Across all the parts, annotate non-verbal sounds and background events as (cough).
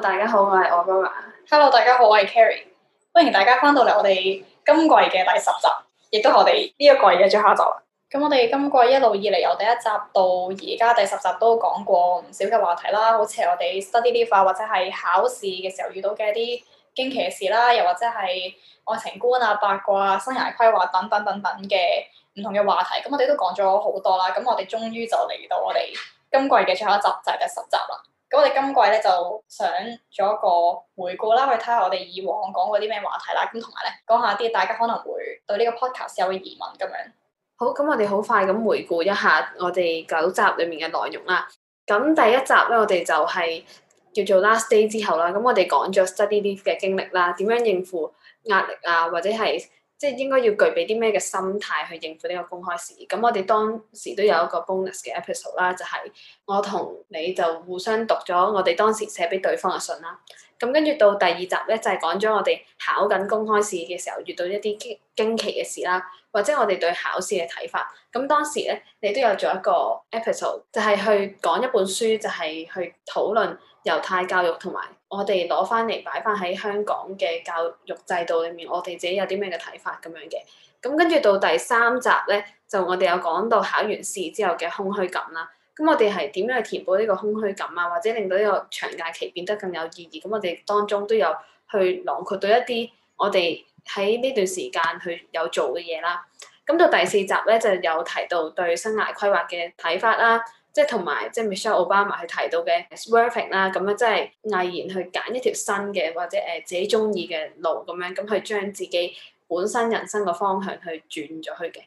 大家好，我係我媽媽。Hello，大家好，我係 Carrie。歡迎大家翻到嚟我哋今季嘅第十集，亦都係我哋呢一季嘅最後集。咁我哋今季一路以嚟由第一集到而家第十集都講過唔少嘅話題啦，好似係我哋 study life 啊，或者係考試嘅時候遇到嘅一啲驚奇嘅事啦，又或者係愛情觀啊、八卦啊、生涯規劃、等等等等嘅唔同嘅話題。咁我哋都講咗好多啦。咁我哋終於就嚟到我哋今季嘅最後一集，就係、是、第十集啦。咁我哋今季咧就想做一個回顧啦，去睇下我哋以往講過啲咩話題啦，咁同埋咧講下啲大家可能會對呢個 podcast 有嘅疑問咁樣。好，咁我哋好快咁回顧一下我哋九集裡面嘅內容啦。咁第一集咧，我哋就係叫做 Last Day 之後啦。咁我哋講咗 study 啲嘅經歷啦，點樣應付壓力啊，或者係。即係應該要具備啲咩嘅心態去應付呢個公開試？咁我哋當時都有一個 bonus 嘅 episode 啦，就係我同你就互相讀咗我哋當時寫俾對方嘅信啦。咁跟住到第二集咧，就係、是、講咗我哋考緊公開試嘅時候遇到一啲驚奇嘅事啦，或者我哋對考試嘅睇法。咁當時咧，你都有做一個 episode，就係去講一本書，就係、是、去討論猶太教育同埋我哋攞翻嚟擺翻喺香港嘅教育制度裏面，我哋自己有啲咩嘅睇法咁樣嘅？咁跟住到第三集咧，就我哋有講到考完試之後嘅空虛感啦。咁我哋係點樣去填補呢個空虛感啊？或者令到呢個長假期變得更有意義？咁我哋當中都有去囊括到一啲我哋喺呢段時間去有做嘅嘢啦。咁到第四集咧，就有提到對生涯規劃嘅睇法啦，即係同埋即係 Michelle Obama 去提到嘅 swerving 啦，咁樣即係毅然去揀一條新嘅或者誒自己中意嘅路咁樣，咁去將自己本身人生嘅方向去轉咗去嘅。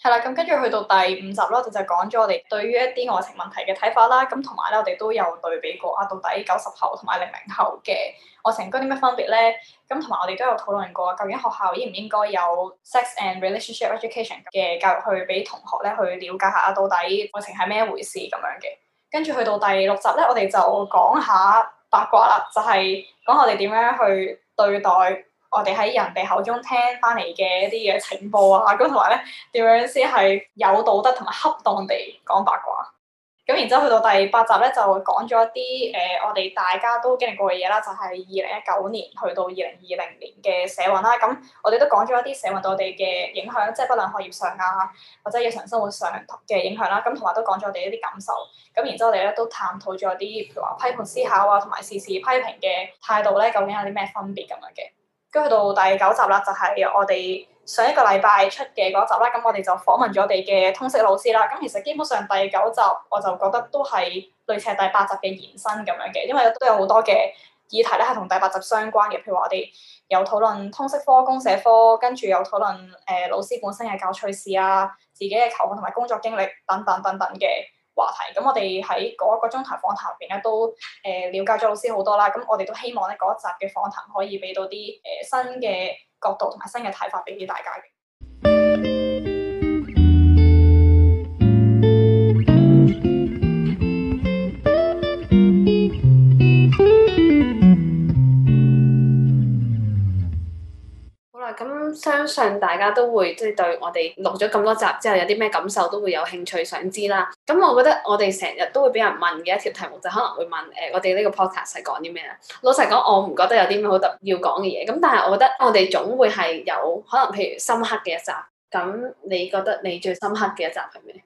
係啦，咁跟住去到第五集啦，就就講咗我哋對於一啲愛情問題嘅睇法啦。咁同埋咧，我哋都有對比過啊，到底九十後同埋零零後嘅愛情、啊、有啲咩分別咧？咁同埋我哋都有討論過，究竟學校應唔應該有 sex and relationship education 嘅教育去俾同學咧去了解下，到底愛情係咩一回事咁樣嘅？跟住去到第六集咧，我哋就講下八卦啦，就係、是、講我哋點樣去對待。我哋喺人哋口中聽翻嚟嘅一啲嘅情報啊，咁同埋咧點樣先係有道德同埋恰當地講八卦？咁然之後去到第八集咧，就講咗一啲誒、呃、我哋大家都經歷過嘅嘢啦，就係二零一九年去到二零二零年嘅社運啦。咁我哋都講咗一啲社運對我哋嘅影響，即係不論學業上啊，或者日常生活上嘅影響啦。咁同埋都講咗我哋一啲感受。咁然之後我哋咧都探討咗啲譬如話批判思考啊，同埋事事批評嘅態度咧，究竟有啲咩分別咁樣嘅？跟去到第九集啦，就係我哋上一個禮拜出嘅嗰集啦。咁我哋就訪問咗我哋嘅通識老師啦。咁其實基本上第九集我就覺得都係類似係第八集嘅延伸咁樣嘅，因為都有好多嘅議題咧，係同第八集相關嘅。譬如話我哋有討論通識科、公社科，跟住有討論誒老師本身嘅教趣事啊、自己嘅求學同埋工作經歷等等等等嘅。話題咁，我哋喺嗰一個鐘頭訪談入邊咧，都誒瞭解咗老師好多啦。咁我哋都希望咧，嗰一集嘅訪談可以俾到啲誒新嘅角度同埋新嘅睇法俾啲大家嘅。咁相信大家都會即係對我哋錄咗咁多集之後有啲咩感受都會有興趣想知啦。咁我覺得我哋成日都會俾人問嘅一條題目就是、可能會問誒、呃、我哋呢個 Podcast 係講啲咩咧？老實講我唔覺得有啲咩好特別要講嘅嘢。咁但係我覺得我哋總會係有可能譬如深刻嘅一集。咁你覺得你最深刻嘅一集係咩？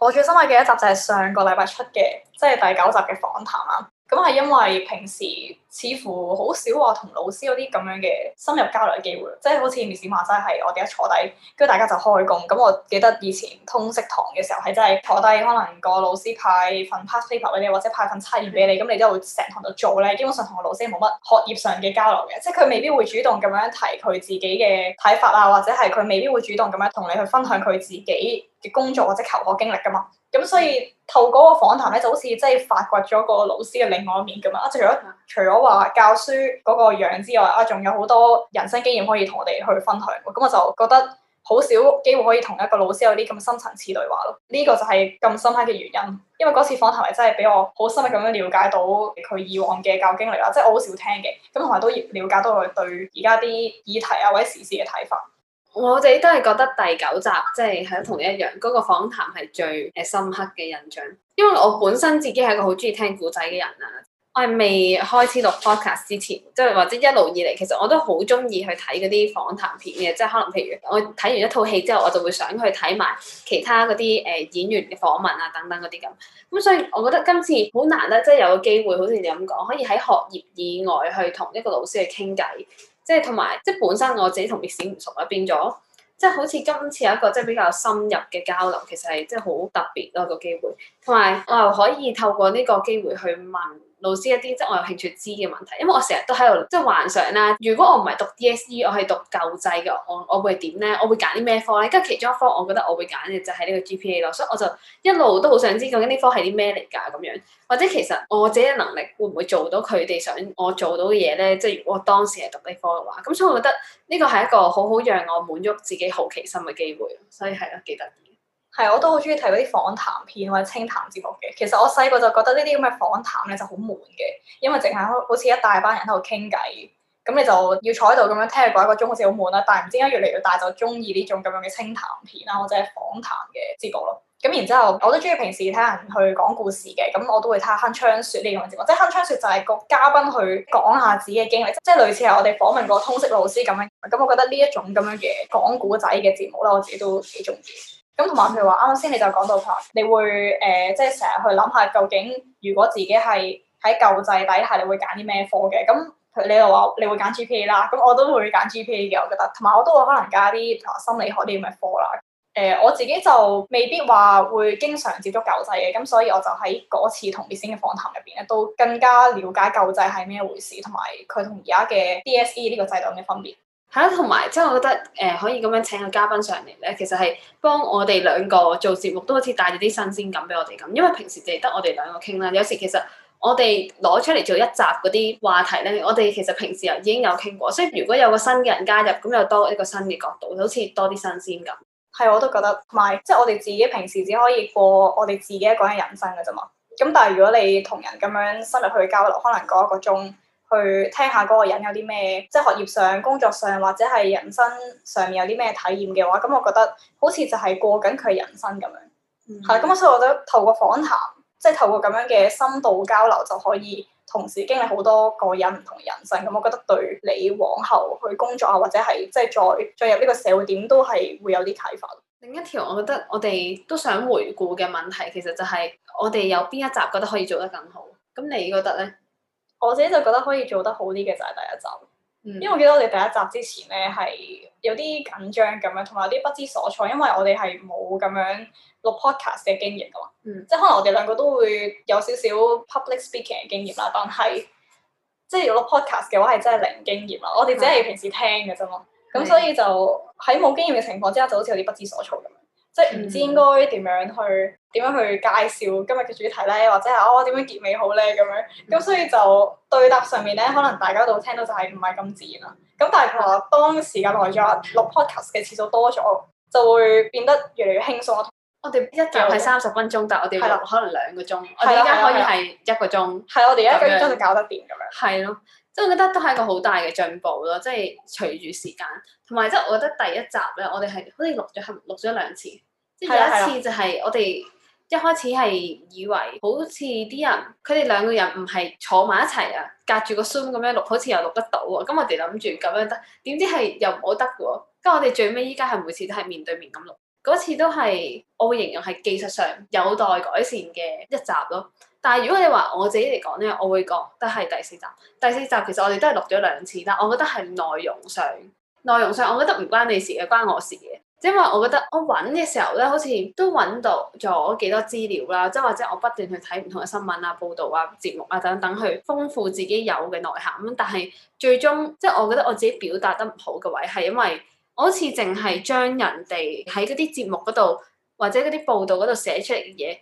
我最深刻嘅一集就係上個禮拜出嘅，即、就、係、是、第九集嘅訪談啦。咁係因為平時似乎好少話同老師有啲咁樣嘅深入交流嘅機會，即係好似 Miss 話齋係我哋一坐低，跟住大家就開工。咁我記得以前通識堂嘅時候係真係坐低，可能個老師派份 past paper 俾你，或者派份測驗俾你，咁你都會成堂度做咧。基本上同個老師冇乜學業上嘅交流嘅，即係佢未必會主動咁樣提佢自己嘅睇法啊，或者係佢未必會主動咁樣同你去分享佢自己嘅工作或者求學經歷㗎嘛。咁所以，透過嗰個訪談咧，就好似即係發掘咗個老師嘅另外一面咁啊！除咗除咗話教書嗰個樣之外，啊，仲有好多人生經驗可以同我哋去分享。咁我就覺得好少機會可以同一個老師有啲咁深層次對話咯。呢個就係咁深刻嘅原因。因為嗰次訪談係真係俾我好深刻咁樣了解到佢以往嘅教經歷啦。即係我好少聽嘅，咁同埋都了解到佢對而家啲議題啊、或者時事嘅睇法。我哋都係覺得第九集即係係同一樣嗰個訪談係最誒深刻嘅印象，因為我本身自己係一個好中意聽古仔嘅人啊。我係未開始錄 podcast 之前，即係或者一路以嚟，其實我都好中意去睇嗰啲訪談片嘅，即係可能譬如我睇完一套戲之後，我就會想去睇埋其他嗰啲誒演員嘅訪問啊等等嗰啲咁。咁所以我覺得今次好難得，即係有個機會，好似你咁講，可以喺學業以外去同一個老師去傾偈。即係同埋，即係本身我自己同歷史唔熟啊，變咗即係好似今次有一個即係比較深入嘅交流，其實係即係好特別咯個機會，同埋我又可以透過呢個機會去問。老師一啲即係我有興趣知嘅問題，因為我成日都喺度即係幻想啦。如果我唔係讀 DSE，我係讀舊制嘅，我我會點咧？我會揀啲咩科咧？跟住其中一科，我覺得我會揀嘅就係呢個 GPA 咯。所以我就一路都好想知究竟呢科係啲咩嚟㗎咁樣，或者其實我自己嘅能力會唔會做到佢哋想我做到嘅嘢咧？即係如果我當時係讀呢科嘅話，咁所以我覺得呢個係一個好好讓我滿足自己好奇心嘅機會，所以係咯幾得意。係，我都好中意睇嗰啲訪談片或者清談節目嘅。其實我細個就覺得呢啲咁嘅訪談咧就好悶嘅，因為淨係好似一大班人喺度傾偈，咁你就要坐喺度咁樣聽佢講一個鐘，好似好悶啦。但係唔知點解越嚟越大就中意呢種咁樣嘅清談片啦，或者訪談嘅節目咯。咁然之後，我都中意平時睇人去講故事嘅，咁我都會睇下《鏗鏘說》呢種節目，即係《鏗鏘說》就係、是、個嘉賓去講下自己嘅經歷，即係類似係我哋訪問過通識老師咁樣。咁我覺得呢一種咁樣嘅講古仔嘅節目啦，我自己都幾中意。咁同埋譬如話啱啱先你就講到佢，你會誒、呃、即係成日去諗下究竟如果自己係喺舊制底下，你會揀啲咩科嘅？咁譬如你又話你會揀 GPA 啦，咁我都會揀 GPA 嘅，我覺得。同埋我都會可能加啲、啊、心理學啲咁嘅科啦。誒、呃，我自己就未必話會經常接觸舊制嘅，咁所以我就喺嗰次同 Bian 嘅訪談入邊咧，都更加了解舊制係咩回事，同埋佢同而家嘅 DSE 呢個制度有咩分別？係啦，同埋即係我覺得誒，可以咁樣請個嘉賓上嚟咧，其實係幫我哋兩個做節目，都好似帶咗啲新鮮感俾我哋咁。因為平時淨係得我哋兩個傾啦，有時其實我哋攞出嚟做一集嗰啲話題咧，我哋其實平時又已經有傾過，所以如果有個新嘅人加入，咁又多一個新嘅角度，好似多啲新鮮感。係，我都覺得，同埋即係我哋自己平時只可以過我哋自己一個人人生噶啫嘛。咁但係如果你同人咁樣深入去交流，可能過一個鐘。去聽下嗰個人有啲咩，即係學業上、工作上或者係人生上面有啲咩體驗嘅話，咁我覺得好似就係過緊佢人生咁樣。係、嗯哼，咁所以我覺得透過訪談，即係透過咁樣嘅深度交流，就可以同時經歷好多個人唔同人生。咁我覺得對你往後去工作啊，或者係即係再進入呢個社會，點都係會有啲啟發。另一條我覺得我哋都想回顧嘅問題，其實就係我哋有邊一集覺得可以做得更好？咁你覺得咧？我自己就覺得可以做得好啲嘅就係第一集，嗯、因為我記得我哋第一集之前咧係有啲緊張咁樣，同埋有啲不知所措，因為我哋係冇咁樣錄 podcast 嘅經驗㗎嘛，嗯、即係可能我哋兩個都會有少少 public speaking 嘅經驗啦，但係即係錄 podcast 嘅話係真係零經驗啦，嗯、我哋只係平時聽嘅啫嘛，咁、嗯、所以就喺冇經驗嘅情況之下，就好似有啲不知所措咁樣，即係唔知應該點樣去，嗯嗯點樣去介紹今日嘅主題咧，或者係哦點樣結尾好咧咁樣，咁所以就對答上面咧，可能大家都聽到就係唔係咁自然啦。咁但係佢話，當時間耐咗，錄 podcast 嘅次數多咗，就會變得越嚟越輕鬆。我哋一集係三十分鐘，但係我哋可能兩個鐘，我哋而家可以係一個鐘。係我哋一個鐘就搞得掂咁樣。係咯，即係我覺得都係一個好大嘅進步咯。即係隨住時間，同埋即係我覺得第一集咧，我哋係好似錄咗係錄咗兩次，即係有一次就係我哋。一開始係以為好似啲人佢哋兩個人唔係坐埋一齊啊，隔住個 zoom 咁樣錄，好似又錄得到喎、啊。咁我哋諗住咁樣得，點知係又唔好得嘅喎。咁我哋最尾依家係每次都係面對面咁錄，嗰次都係我會形容係技術上有待改善嘅一集咯。但係如果你話我自己嚟講咧，我會覺得係第四集。第四集其實我哋都係錄咗兩次，但我覺得係內容上，內容上我覺得唔關你事嘅，關我事嘅。即係因為我覺得我揾嘅時候咧，好似都揾到咗幾多資料啦，即係或者我不斷去睇唔同嘅新聞啊、報道啊、節目啊等等去豐富自己有嘅內涵咁。但係最終即係、就是、我覺得我自己表達得唔好嘅位係因為我好似淨係將人哋喺嗰啲節目嗰度或者嗰啲報道嗰度寫出嚟嘅嘢。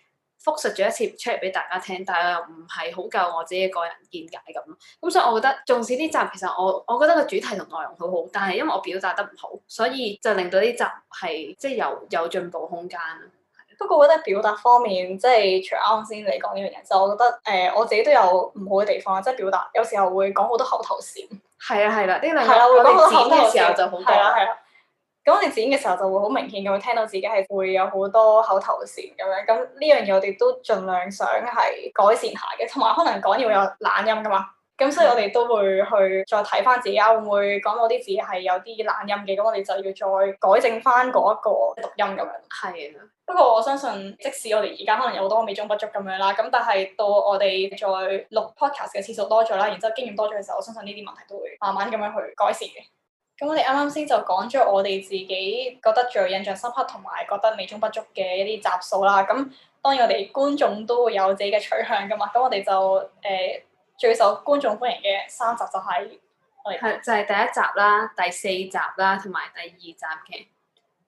複述咗一次出嚟俾大家聽，但係又唔係好夠我自己個人見解咁咯。咁所以，我覺得縱使呢集其實我，我覺得個主題同內容好好，但係因為我表達得唔好，所以就令到呢集係即係有有進步空間。不過，我覺得表達方面即係、就是、除啱先你講呢樣嘢，就我覺得誒、呃、我自己都有唔好嘅地方，即、就、係、是、表達有時候會講好多口頭禪。係啊，係啦，呢兩個我哋剪嘅時候就好多。咁我哋剪嘅時候就會好明顯咁，會聽到自己係會有好多口頭禪咁樣。咁呢樣嘢我哋都盡量想係改善下嘅，同埋可能講嘢會有懶音噶嘛。咁所以我哋都會去再睇翻自己會唔會講到啲字係有啲懶音嘅。咁我哋就要再改正翻嗰一個讀音咁樣。係啊。不過我相信，即使我哋而家可能有好多美中不足咁樣啦，咁但係到我哋再錄 podcast 嘅次數多咗啦，然之後經驗多咗嘅時候，我相信呢啲問題都會慢慢咁樣去改善嘅。咁我哋啱啱先就講咗我哋自己覺得最有印象深刻同埋覺得美中不足嘅一啲集數啦。咁當然我哋觀眾都會有自己嘅取向㗎嘛。咁我哋就誒、呃、最受觀眾歡迎嘅三集就喺係就係、是、第一集啦、第四集啦同埋第二集嘅。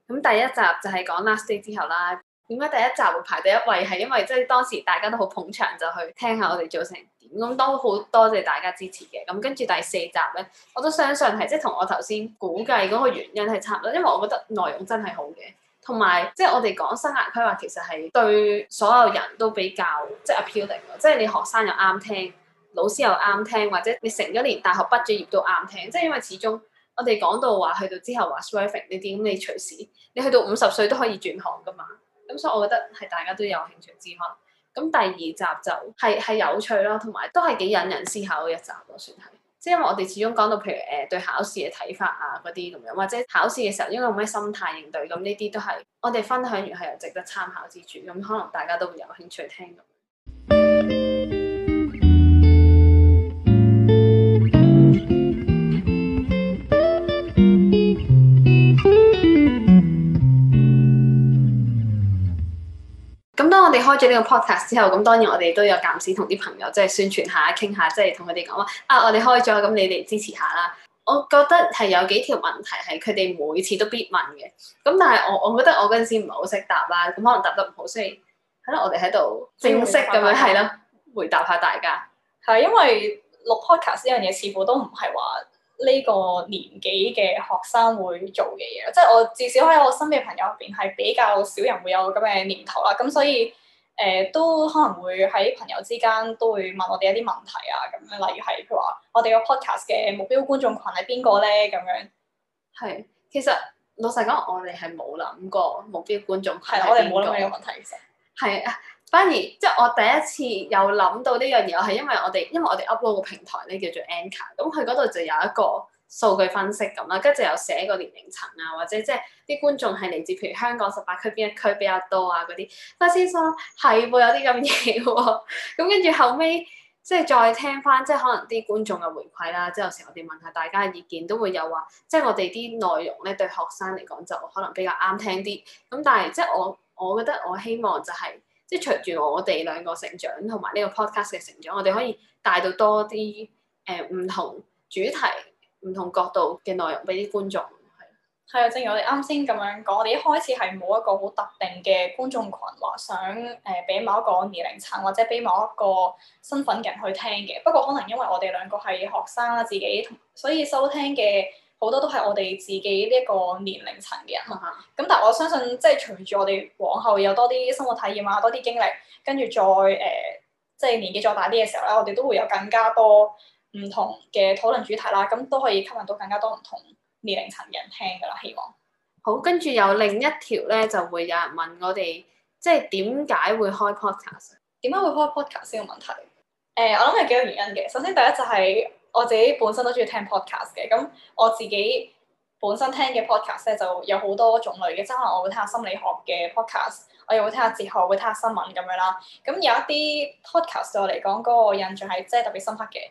咁第一集就係講 last day 之後啦。點解第一集會排第一位，係因為即係當時大家都好捧場，就去聽下我哋做成點，咁都好多謝大家支持嘅。咁跟住第四集咧，我都相信係即係同我頭先估計嗰個原因係差唔多，因為我覺得內容真係好嘅，同埋即係我哋講生涯規劃其實係對所有人都比較即係 appealing 即係你學生又啱聽，老師又啱聽，或者你成咗年大學畢咗業都啱聽，即係因為始終我哋講到話去到之後話 swapping 呢啲咁，你隨時你去到五十歲都可以轉行噶嘛。咁、嗯、所以，我覺得係大家都有興趣之可，咁第二集就係、是、係有趣咯，同埋都係幾引人思考嘅一集咯，算係。即、就、係、是、因為我哋始終講到譬如誒、呃、對考試嘅睇法啊嗰啲咁樣，或者考試嘅時候應該有咩心態應對咁，呢啲都係我哋分享完係有值得參考之處。咁、嗯、可能大家都會有興趣聽。你開咗呢個 podcast 之後，咁當然我哋都有暫時同啲朋友即係宣傳下、傾下，即係同佢哋講，話啊，我哋開咗，咁你哋支持下啦。我覺得係有幾條問題係佢哋每次都必問嘅，咁但係我我覺得我嗰陣時唔係好識答啦，咁可能答得唔好，所以係咯，我哋喺度正式咁樣係咯回答下大家。係因為錄 podcast 呢樣嘢似乎都唔係話呢個年紀嘅學生會做嘅嘢，即係我至少喺我身邊嘅朋友入邊係比較少人會有咁嘅念頭啦。咁所以。誒、呃、都可能會喺朋友之間都會問我哋一啲問題啊，咁樣例如係譬如話我哋個 podcast 嘅目標觀眾群係邊個咧？咁樣係其實老實講，我哋係冇諗過目標觀眾群係我哋冇諗過呢個問題，其實係啊，反而即係我第一次有諗到呢樣嘢，我係因為我哋因為我哋 upload 個平台咧叫做 Anchor，咁佢嗰度就有一個。數據分析咁啦，跟住有寫個年齡層啊，或者即係啲觀眾係嚟自譬如香港十八區邊一區比較多啊嗰啲。發先生係會有啲咁嘢喎，咁跟住後尾，即係再聽翻，即係可能啲觀眾嘅回饋啦。即係有時我哋問下大家嘅意見，都會有話，即係我哋啲內容咧對學生嚟講就可能比較啱聽啲。咁但係即係我我覺得我希望就係即係隨住我哋兩個成長同埋呢個 podcast 嘅成長，我哋可以帶到多啲誒唔同主題。唔同角度嘅內容俾啲觀眾，係啊，正如我哋啱先咁樣講，我哋一開始係冇一個好特定嘅觀眾群，話想誒俾、呃、某一個年齡層或者俾某一個身份嘅人去聽嘅。不過可能因為我哋兩個係學生啦，自己同所以收聽嘅好多都係我哋自己呢一個年齡層嘅人。咁、啊、但係我相信，即係隨住我哋往後有多啲生活體驗啊，多啲經歷，跟住再誒、呃，即係年紀再大啲嘅時候咧，我哋都會有更加多。唔同嘅討論主題啦，咁都可以吸引到更加多唔同年齡層嘅人聽㗎啦。希望好跟住有另一條咧，就會有人問我哋即係點解會開 podcast？點解會開 podcast 呢個問題？誒、欸，我諗係幾個原因嘅。首先第一就係我自己本身都中意聽 podcast 嘅。咁我自己本身聽嘅 podcast 咧就有好多種類嘅，例如我會聽下心理學嘅 podcast，我又會聽下哲學，會聽下新聞咁樣啦。咁有一啲 podcast 對我嚟講嗰個印象係即係特別深刻嘅。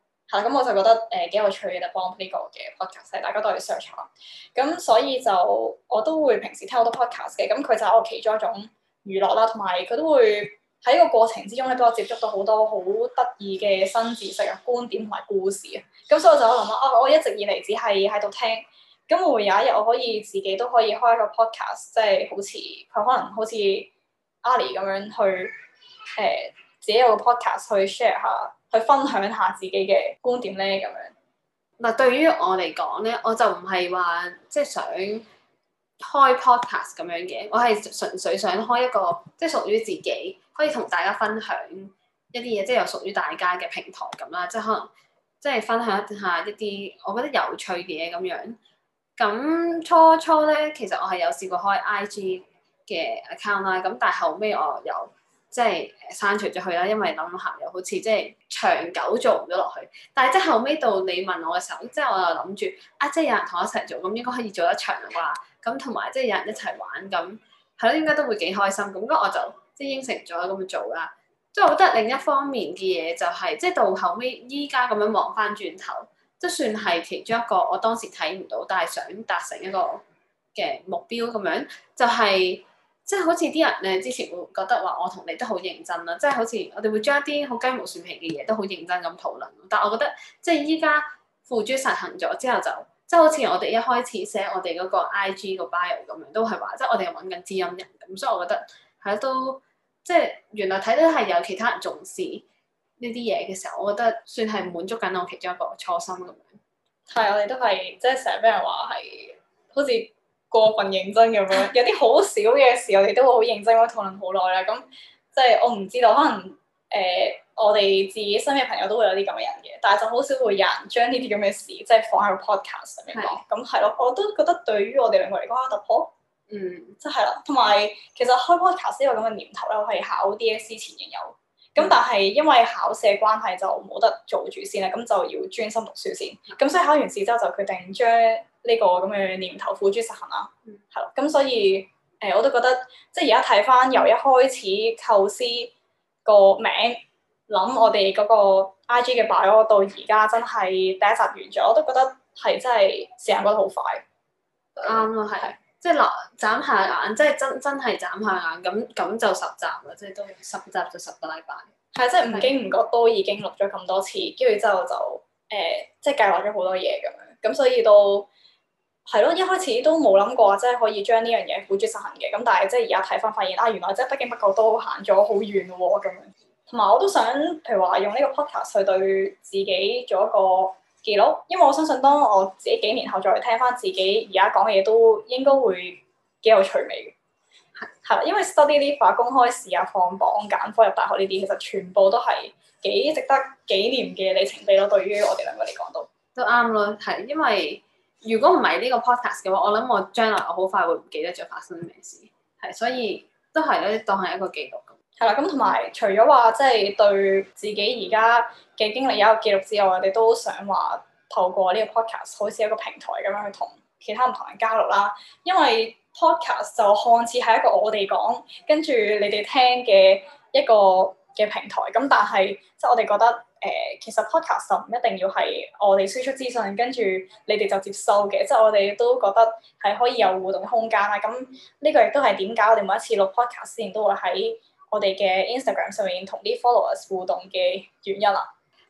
咁、嗯、我就覺得誒幾、呃、有趣嘅，就幫呢個嘅 podcast，大家都去 search 咯。咁所以就我都會平時聽好多 podcast 嘅，咁佢就係我其中一種娛樂啦，同埋佢都會喺個過程之中咧，俾我接觸到好多好得意嘅新知識啊、觀點同埋故事啊。咁所以我就諗啦，啊我一直以嚟只係喺度聽，咁會唔會有一日我可以自己都可以開一個 podcast，即係好似佢可能好似 Ali 咁樣去誒、呃、自己有個 podcast 去 share 下？去分享一下自己嘅觀點咧，咁樣。嗱，對於我嚟講咧，我就唔係話即係想開 Podcast 咁樣嘅，我係純粹想開一個即係屬於自己可以同大家分享一啲嘢，即係又屬於大家嘅平台咁啦，即係可能即係分享一下一啲我覺得有趣嘅嘢咁樣。咁初初咧，其實我係有試過開 IG 嘅 account 啦，咁但係後尾我又有。即係刪除咗佢啦，因為諗下又好似即係長久做唔到落去。但係即係後尾到你問我嘅時候，即係我又諗住啊，即係有人同我一齊做，咁應該可以做得長啩。咁同埋即係有人一齊玩，咁係咯，應該都會幾開心。咁跟我就即係應承咗咁樣做啦。即係我覺得另一方面嘅嘢就係，即係到後尾，依家咁樣望翻轉頭，即係算係其中一個我當時睇唔到，但係想達成一個嘅目標咁樣，就係。即係好似啲人咧，之前會覺得話我同你都好認真啦。即係好似我哋會將一啲好雞毛蒜皮嘅嘢都好認真咁討論。但係我覺得即係依家付諸實行咗之後就，就即係好似我哋一開始寫我哋嗰個 IG 個 bio 咁樣，都係話即係我哋揾緊知音人咁。所以我覺得係都即係原來睇到係有其他人重視呢啲嘢嘅時候，我覺得算係滿足緊我其中一個初心咁樣。係、嗯，我哋都係即係成日俾人話係好似。過分認真咁樣，有啲好少嘅事，我哋都會好認真咁樣討論好耐啦。咁即係我唔知道，可能誒、呃、我哋自己身邊嘅朋友都會有啲咁嘅人嘅，但係就好少會有人將呢啲咁嘅事即係放喺個 podcast 上面講。咁係咯，我都覺得對於我哋兩個嚟講突破，嗯，即係啦。同埋其實開 podcast 呢個咁嘅念頭咧，我係考 DSE 之前已經有。咁、嗯、但係因為考試嘅關係就冇得做住先啦，咁就要專心讀書先。咁所以考完試之後就決定將呢個咁嘅念頭付諸實行啦。係咯、嗯，咁所以誒、呃、我都覺得即係而家睇翻由一開始構思個名，諗、嗯、我哋嗰個 IG 嘅擺攤到而家真係第一集完咗，我都覺得係真係時間過得好快。啱啊、嗯，係、嗯。對即係嗱，眨下眼，即係真真係眨下眼，咁咁就十集啦，即係都十集就十個禮拜。係啊，即係唔經唔覺都已經錄咗咁多次，跟住之後就誒，即係計劃咗好多嘢咁樣，咁所以到係咯，一開始都冇諗過即係可以將呢樣嘢付諸實行嘅，咁但係即係而家睇翻發現啊，原來即係不經不覺都行咗好遠喎咁樣。同埋我都想，譬如話用呢個 podcast 去對自己做一個。記錄，因為我相信當我自己幾年後再聽翻自己而家講嘅嘢，都應該會幾有趣味嘅。係啦的，因為 study leave 啊、公開試啊、放榜、揀科入大學呢啲，其實全部都係幾值得紀念嘅里程碑咯。對於我哋兩個嚟講都都啱咯。係因為如果唔係呢個 podcast 嘅話，我諗我將來我好快會唔記得咗發生咩事。係，所以都係咧當係一個記錄。係啦，咁同埋除咗話即係對自己而家嘅經歷有一個記錄之外，我哋都想話透過呢個 podcast 好似一個平台咁樣去同其他唔同人交流啦。因為 podcast 就看似係一個我哋講跟住你哋聽嘅一個嘅平台，咁但係即係我哋覺得誒、呃，其實 podcast 就唔一定要係我哋輸出資訊，跟住你哋就接收嘅。即、就、係、是、我哋都覺得係可以有互動嘅空間啦。咁、啊、呢個亦都係點解我哋每一次錄 podcast 之前都會喺我哋嘅 Instagram 上面同啲 followers 互動嘅原因啦。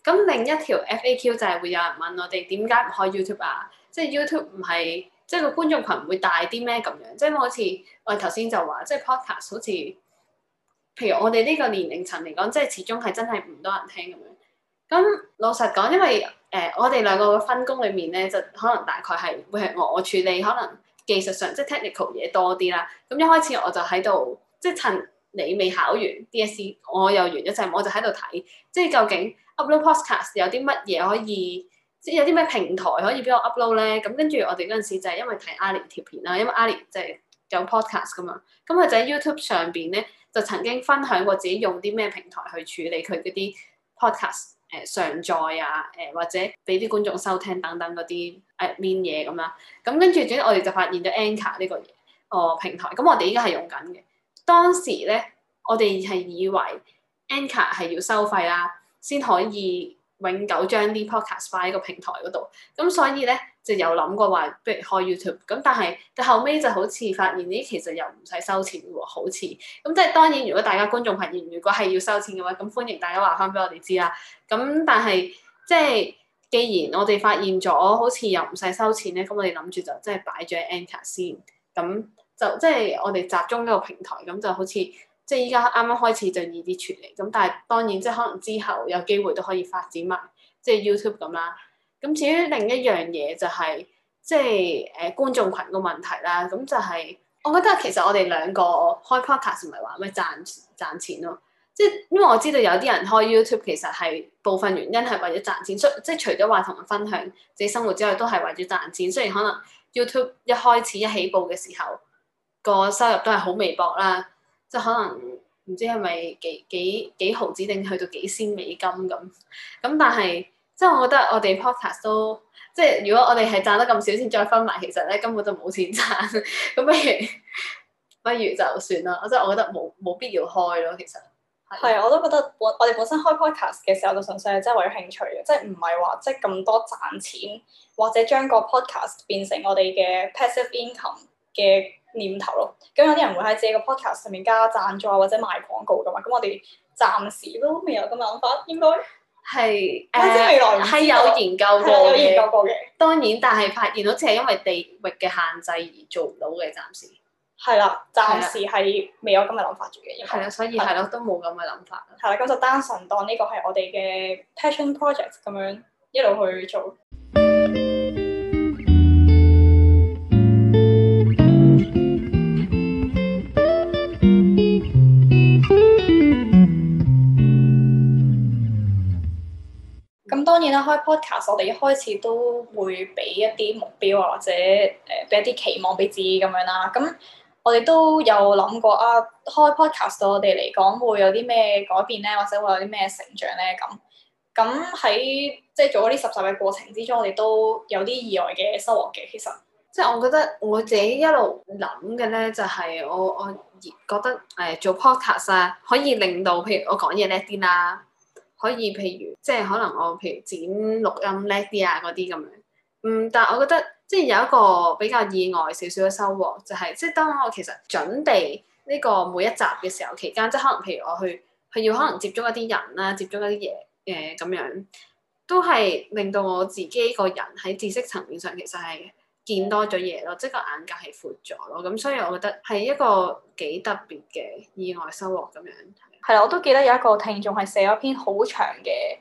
咁另一條 FAQ 就係會有人問我哋點解唔開 YouTube 啊？即係 YouTube 唔係即係個觀眾群唔會大啲咩咁樣？即係好似我頭先就話，即係 podcast 好似，譬如我哋呢個年齡層嚟講，即係始終係真係唔多人聽咁樣。咁老實講，因為誒我哋兩個嘅分工裡面咧，就可能大概係會係我，我處理，可能技術上即係 technical 嘢多啲啦。咁一開始我就喺度即係趁。你未考完 DSE 我又完咗就係，我就喺度睇，即係究竟 upload podcast 有啲乜嘢可以，即係有啲咩平台可以俾我 upload 咧？咁跟住我哋嗰陣時就係因為睇 a 阿里條片啦，因為阿里就係有 podcast 噶嘛，咁佢就喺 YouTube 上邊咧就曾經分享過自己用啲咩平台去處理佢嗰啲 podcast 誒上載啊，誒或者俾啲觀眾收聽等等嗰啲 admin 嘢咁樣，咁跟住之後我哋就發現咗 Anchor 呢個哦平台，咁我哋依家係用緊嘅。當時咧，我哋係以為 Anchor 係要收費啦，先可以永久將啲 podcast 擺喺個平台嗰度。咁所以咧，就有諗過話，不如開 YouTube。咁但係到後尾就好似發現咧，其實又唔使收錢喎，好似咁即係當然。如果大家觀眾朋友如果係要收錢嘅話，咁歡迎大家話翻俾我哋知啦。咁但係即係既然我哋發現咗好似又唔使收錢咧，咁我哋諗住就真係擺咗喺 Anchor 先咁。就即係我哋集中一個平台咁，就好似即係依家啱啱開始就易啲處理。咁，但係當然即係可能之後有機會都可以發展埋即係 YouTube 咁啦。咁至於另一樣嘢就係、是、即係誒、呃、觀眾群個問題啦。咁就係、是、我覺得其實我哋兩個開 Podcast 唔係話咩賺賺錢咯，即係因為我知道有啲人開 YouTube 其實係部分原因係為咗賺錢，所即係除咗話同人分享自己生活之外，都係為咗賺錢。雖然可能 YouTube 一開始一起步嘅時候，個收入都係好微薄啦，即係可能唔知係咪幾幾幾毫子定去到幾千美金咁咁，但係即係我覺得我哋 podcast 都即係如果我哋係賺得咁少先再分埋，其實咧根本就冇錢賺，咁不如不如就算啦。即係我覺得冇冇必要開咯。其實係啊，我都覺得我哋本身開 podcast 嘅時候，就純粹係真係為咗興趣嘅，即係唔係話即係咁多賺錢或者將個 podcast 變成我哋嘅 passive income 嘅。念頭咯，咁有啲人會喺自己個 podcast 上面加贊助或者賣廣告噶嘛，咁我哋暫時都未有咁嘅諗法，應該係誒，係有研究過嘅，過，當然，但係發現到淨係因為地域嘅限制而做唔到嘅，暫時係啦，暫時係未有咁嘅諗法做嘅，係啦，所以係咯，嗯，都冇咁嘅諗法。係啦，咁就單純當呢個係我哋嘅 passion project 咁樣一路去做。Podcast，我哋一開始都會俾一啲目標或者誒俾、呃、一啲期望俾自己咁樣啦。咁我哋都有諗過啊，開 Podcast 對我哋嚟講會有啲咩改變咧，或者會有啲咩成長咧咁。咁喺即係做呢十集嘅過程之中，我哋都有啲意外嘅收穫嘅。其實，即係我覺得我自己一路諗嘅咧，就係、是、我我覺得誒、呃、做 Podcast 啊，可以令到譬如我講嘢叻啲啦。可以，譬如即係可能我譬如剪錄音叻啲啊嗰啲咁樣。嗯，但係我覺得即係有一個比較意外少少嘅收穫，就係即係當我其實準備呢個每一集嘅時候期間，即係可能譬如我去去要可能接觸一啲人啦，接觸一啲嘢誒咁樣，都係令到我自己個人喺知識層面上其實係見多咗嘢咯，即係個眼界係闊咗咯。咁所以我覺得係一個幾特別嘅意外收穫咁樣。係啦，我都記得有一個聽眾係寫咗篇好長嘅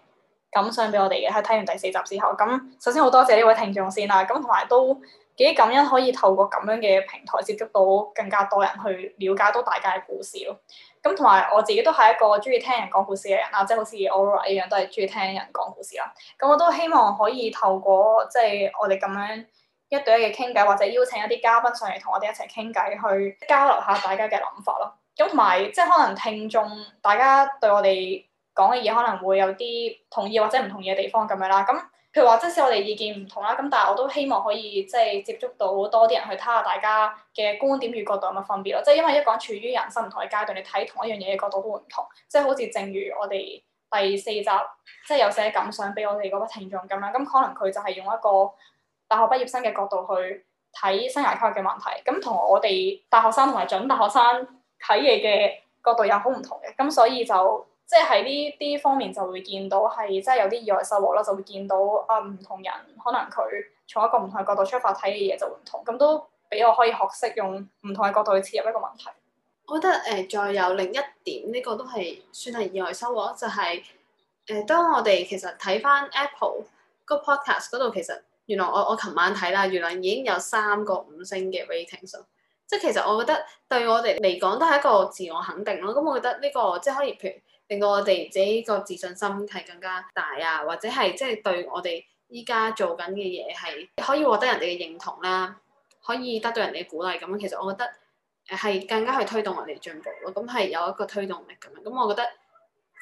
感想俾我哋嘅，喺睇完第四集之後。咁首先好多謝呢位聽眾先啦，咁同埋都幾感恩可以透過咁樣嘅平台接觸到更加多人去了解到大家嘅故事咯。咁同埋我自己都係一個鍾意聽人講故事嘅人啦，即係好似 Aurora 一樣都係鍾意聽人講故事啦。咁我都希望可以透過即係、就是、我哋咁樣一對一嘅傾偈，或者邀請一啲嘉賓上嚟同我哋一齊傾偈，去交流下大家嘅諗法咯。咁同埋，即係可能聽眾大家對我哋講嘅嘢可能會有啲同意或者唔同意嘅地方咁樣啦。咁譬如話，即使我哋意見唔同啦，咁但係我都希望可以即係接觸到多啲人去睇下大家嘅觀點與角度有乜分別咯。即係因為一講處於人生唔同嘅階段，你睇同一樣嘢嘅角度都會唔同。即係好似正如我哋第四集即係有寫感想俾我哋嗰個聽眾咁樣，咁可能佢就係用一個大學畢業生嘅角度去睇生涯規劃嘅問題。咁同我哋大學生同埋準大學生。睇嘢嘅角度又好唔同嘅，咁所以就即係喺呢啲方面就會見到係即係有啲意外收穫啦，就會見到啊唔同人可能佢從一個唔同嘅角度出發睇嘅嘢就唔同，咁都俾我可以學識用唔同嘅角度去切入一個問題。我覺得誒再、呃、有另一點呢、呢個都係算係意外收穫，就係、是、誒、呃、當我哋其實睇翻 Apple 個 Podcast 度，其實原來我我琴晚睇啦，原來已經有三個五星嘅 rating 即係其實我覺得對我哋嚟講都係一個自我肯定咯。咁、嗯、我覺得呢個即係可以譬如令到我哋自己個自信心係更加大啊，或者係即係對我哋依家做緊嘅嘢係可以獲得人哋嘅認同啦，可以得到人哋嘅鼓勵咁、嗯。其實我覺得誒係更加去推動我哋進步咯。咁、嗯、係有一個推動力咁樣。咁我覺得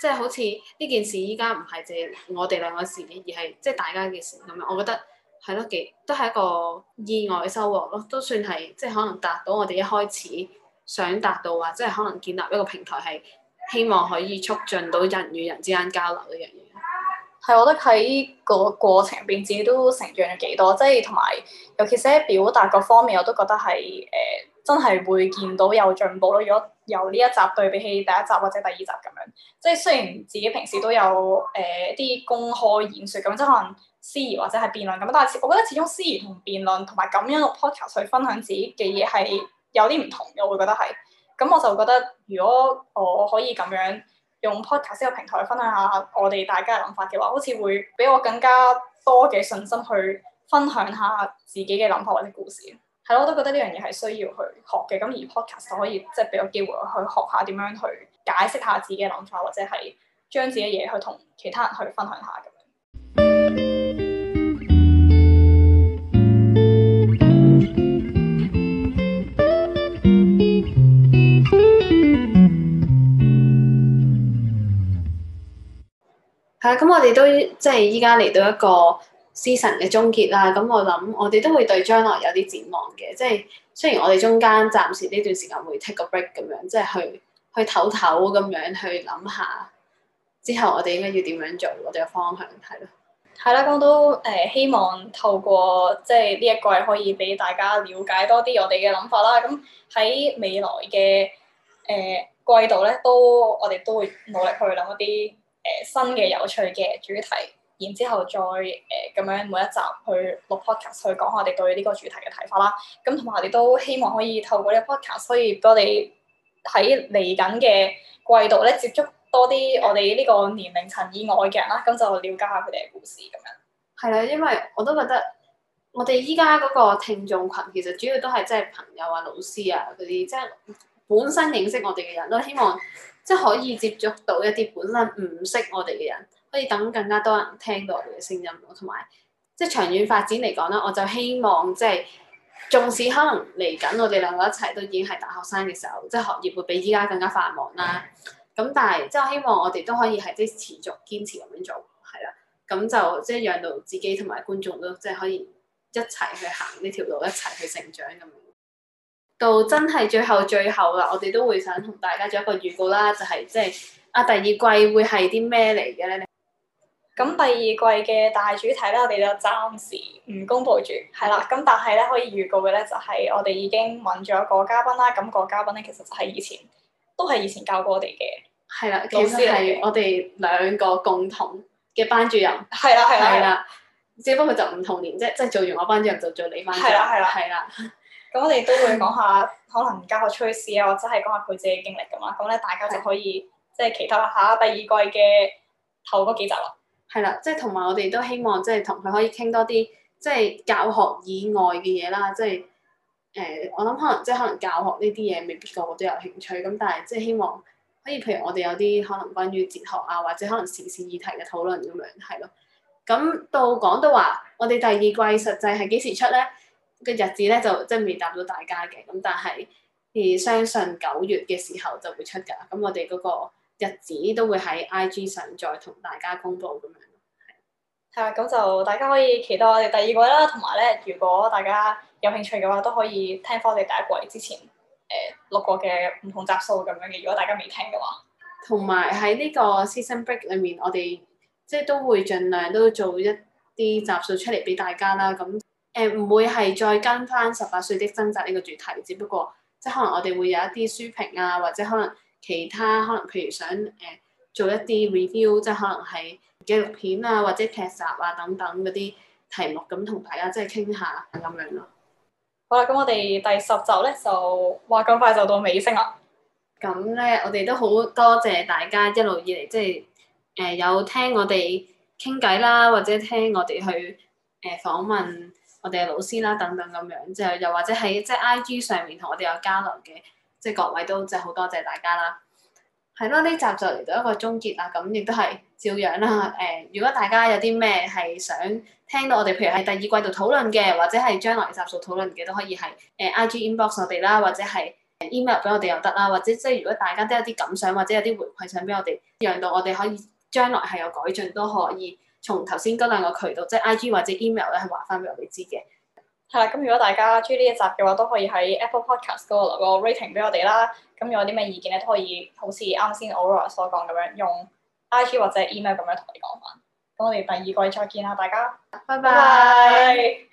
即係好似呢件事依家唔係借我哋兩個事嘅，而係即係大家嘅事咁樣。我覺得我。係咯，幾都係一個意外嘅收穫咯，都算係即係可能達到我哋一開始想達到或者係可能建立一個平台，係希望可以促進到人與人之間交流呢樣嘢。係，我覺得喺個過程入邊，自己都成長咗幾多，即係同埋尤其是喺表達個方面，我都覺得係誒、呃、真係會見到有進步咯。如果由呢一集對比起第一集或者第二集咁樣，即係雖然自己平時都有誒一啲公開演說咁，即係可能。司儀或者係辯論咁，但係我覺得始終司儀同辯論同埋咁樣嘅 podcast 去分享自己嘅嘢係有啲唔同嘅，我會覺得係咁我就覺得，如果我可以咁樣用 podcast 呢個平台去分享下我哋大家嘅諗法嘅話，好似會俾我更加多嘅信心去分享下自己嘅諗法或者故事，係咯，我都覺得呢樣嘢係需要去學嘅。咁而 podcast 就可以即係俾個機會我去學下點樣去解釋下自己嘅諗法，或者係將自己嘢去同其他人去分享下咁樣。係啊，咁、嗯、我哋都即係依家嚟到一個 season 嘅終結啦。咁我諗，我哋都會對將來有啲展望嘅。即係雖然我哋中間暫時呢段時間會 take a break 咁樣，即係去去唞唞咁樣去諗下之後我哋應該要點樣做，我哋嘅方向係咯。係啦，咁、嗯、都誒、呃，希望透過即係呢一季可以俾大家了解多啲我哋嘅諗法啦。咁、嗯、喺未來嘅誒、呃、季度咧，都我哋都會努力去諗一啲。誒，新嘅有趣嘅主題，然之後再誒咁、呃、樣每一集去錄 podcast 去講我哋對呢個主題嘅睇法啦。咁同埋我哋都希望可以透過呢個 podcast，所以畀我哋喺嚟緊嘅季度咧，接觸多啲我哋呢個年齡層以外嘅人啦，咁就了解下佢哋嘅故事咁樣。係啦，因為我都覺得我哋依家嗰個聽眾群其實主要都係即係朋友啊、老師啊嗰啲，即係本身認識我哋嘅人都希望。 (laughs) 即係可以接觸到一啲本身唔識我哋嘅人，可以等更加多人聽到我哋嘅聲音咯。同埋即係長遠發展嚟講啦，我就希望即係，縱使可能嚟緊我哋兩個一齊都已經係大學生嘅時候，即係學業會比依家更加繁忙啦。咁、嗯、但係即係我希望我哋都可以係即係持續堅持咁樣做，係啦。咁就即係讓到自己同埋觀眾都即係可以一齊去行呢條路，一齊去成長咁樣。到真係最後最後啦，我哋都會想同大家做一個預告啦，就係、是、即係啊第二季會係啲咩嚟嘅咧？咁第二季嘅大主題咧，我哋就暫時唔公佈住，係啦。咁但係咧可以預告嘅咧，就係我哋已經揾咗一個嘉賓啦。咁、那個嘉賓咧，其實就係以前都係以前教過我哋嘅，係啦，其實係我哋兩個共同嘅班主任，係啦係啦係啦，只不過就唔同年啫。即係做完我班主任就做你班主任，係啦係啦係啦。咁我哋都會講下、嗯、可能教學趨勢啊，或者係講下佢自己經歷㗎嘛。咁咧，大家就可以即係期待下第二季嘅頭嗰幾集啦。係啦，即係同埋我哋都希望即係同佢可以傾多啲，即係教學以外嘅嘢啦。即係誒、呃，我諗可能即係可能教學呢啲嘢未必個個都有興趣。咁但係即係希望可以，譬如我哋有啲可能關於哲學啊，或者可能時事議題嘅討論咁樣，係咯。咁到講到話，我哋第二季實際係幾時出咧？嘅日子咧就即係未答到大家嘅，咁但係係相信九月嘅時候就會出㗎。咁我哋嗰個日子都會喺 IG 上再同大家公布咁樣。係。係咁、嗯、就大家可以期待我哋第二季啦。同埋咧，如果大家有興趣嘅話，都可以聽翻我哋第一季之前誒錄過嘅唔同集數咁樣嘅。如果大家未聽嘅話，同埋喺呢個 season break 裡面，我哋即係都會盡量都做一啲集數出嚟俾大家啦。咁、嗯。誒唔、呃、會係再跟翻十八歲的掙扎呢個主題，只不過即係可能我哋會有一啲書評啊，或者可能其他可能譬如想誒、呃、做一啲 review，即係可能係紀錄片啊，或者劇集啊等等嗰啲題目咁，同大家即係傾下咁樣咯。好啦，咁我哋第十集咧就哇咁快就到尾聲啦。咁咧，我哋都好多謝大家一路以嚟即係誒、呃、有聽我哋傾偈啦，或者聽我哋去誒訪、呃、問。我哋嘅老師啦，等等咁樣，之後又或者喺即係、就是、I G 上面同我哋有交流嘅，即係各位都即係好多謝大家啦。係咯，呢集就嚟到一個終結啦，咁亦都係照樣啦。誒、呃，如果大家有啲咩係想聽到我哋，譬如係第二季度討論嘅，或者係將來集數討論嘅，都可以係誒、呃、I G inbox 我哋啦，或者係 email 俾我哋又得啦。或者即係如果大家都有啲感想，或者有啲回饋想俾我哋，讓到我哋可以將來係有改進都可以。從頭先嗰兩個渠道，即係 IG 或者 email 咧，話翻俾我哋知嘅。係啦，咁如果大家中意呢一集嘅話，都可以喺 Apple Podcast 嗰度留個 rating 俾我哋啦。咁如果有啲咩意見咧，都可以好似啱先 Aurora 所講咁樣，用 IG 或者 email 咁樣同我哋講翻。咁我哋第二季再見啦，大家拜拜。Bye bye bye bye